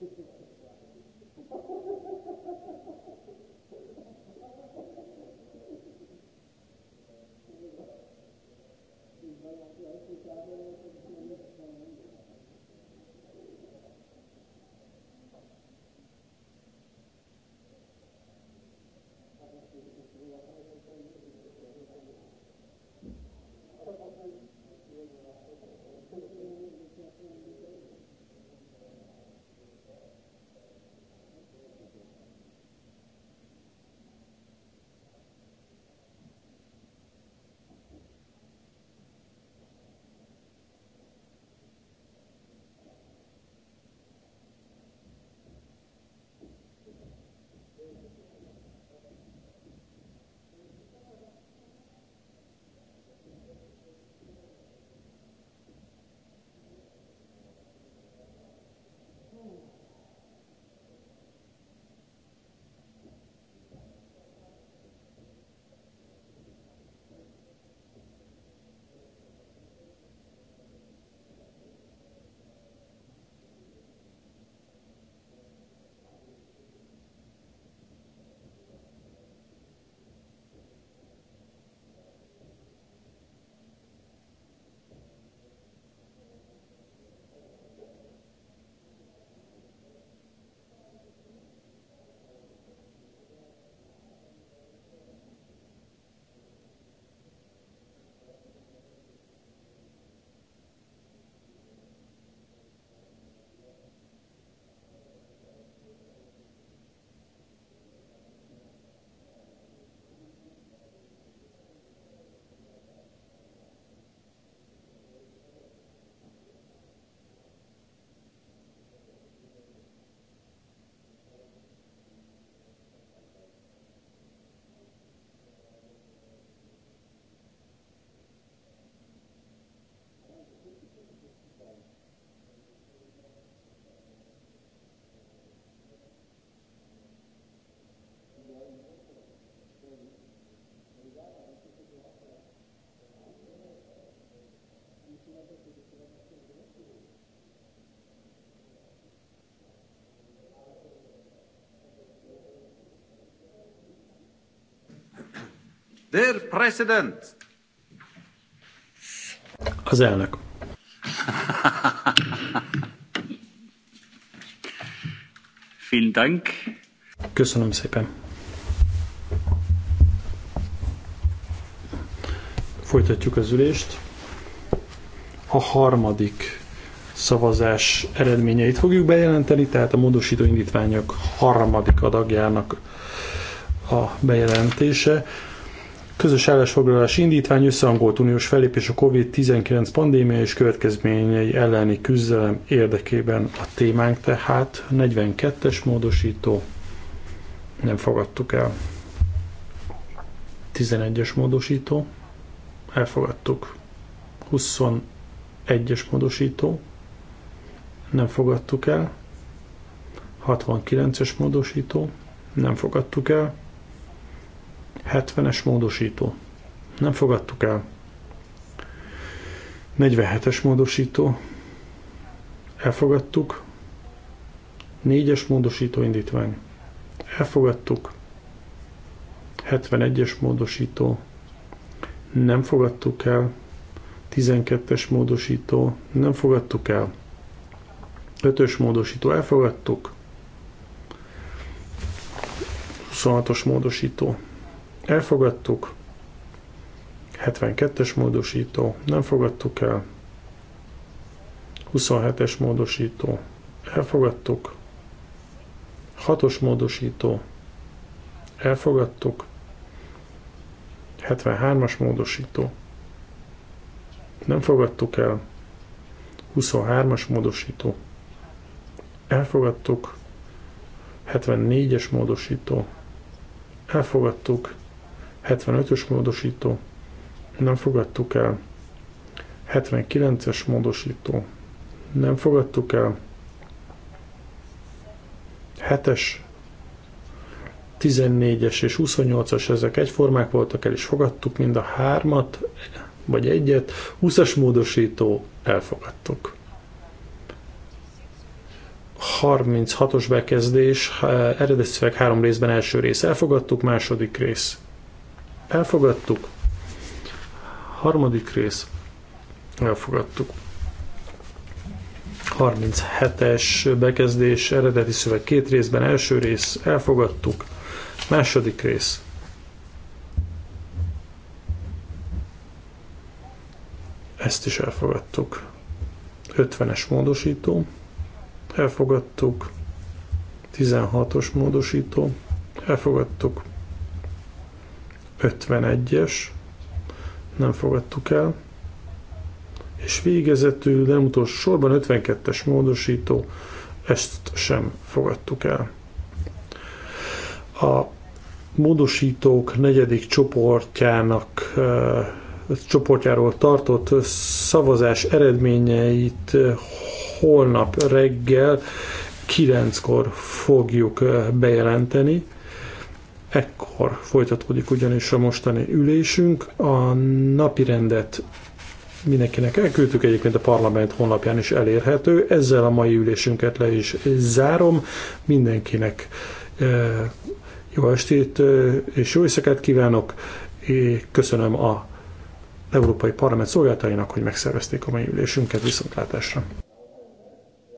Thank you. Der President. Az elnök. Vielen Dank. Köszönöm szépen. Folytatjuk az ülést. A harmadik szavazás eredményeit fogjuk bejelenteni, tehát a módosító indítványok harmadik adagjának a bejelentése. Közös állásfoglalás indítvány összehangolt uniós felépés a COVID-19 pandémia és következményei elleni küzdelem érdekében a témánk tehát 42-es módosító nem fogadtuk el. 11-es módosító elfogadtuk. 21-es módosító nem fogadtuk el. 69-es módosító nem fogadtuk el. 70-es módosító. Nem fogadtuk el. 47-es módosító. Elfogadtuk. 4-es módosító indítvány. Elfogadtuk. 71-es módosító. Nem fogadtuk el. 12-es módosító. Nem fogadtuk el. 5-ös módosító. Elfogadtuk. 26-os módosító elfogadtuk, 72-es módosító, nem fogadtuk el, 27-es módosító, elfogadtuk, 6-os módosító, elfogadtuk, 73-as módosító, nem fogadtuk el, 23-as módosító, elfogadtuk, 74-es módosító, elfogadtuk, 75-ös módosító, nem fogadtuk el. 79-es módosító, nem fogadtuk el. 7-es, 14-es és 28-as ezek egyformák voltak, el is fogadtuk mind a hármat, vagy egyet. 20-as módosító, elfogadtuk. 36-os bekezdés, eredeti szöveg három részben első rész elfogadtuk, második rész Elfogadtuk. Harmadik rész. Elfogadtuk. 37-es bekezdés eredeti szöveg két részben. Első rész elfogadtuk. Második rész. Ezt is elfogadtuk. 50-es módosító. Elfogadtuk. 16-os módosító. Elfogadtuk. 51-es, nem fogadtuk el, és végezetül, nem utolsó sorban 52-es módosító, ezt sem fogadtuk el. A módosítók negyedik csoportjának eh, csoportjáról tartott szavazás eredményeit eh, holnap reggel 9-kor fogjuk eh, bejelenteni. Ekkor folytatódik ugyanis a mostani ülésünk. A napi rendet mindenkinek elküldtük, egyébként a parlament honlapján is elérhető. Ezzel a mai ülésünket le is zárom. Mindenkinek eh, jó estét eh, és jó éjszakát kívánok. Én köszönöm a Európai Parlament szolgálatainak, hogy megszervezték a mai ülésünket viszontlátásra.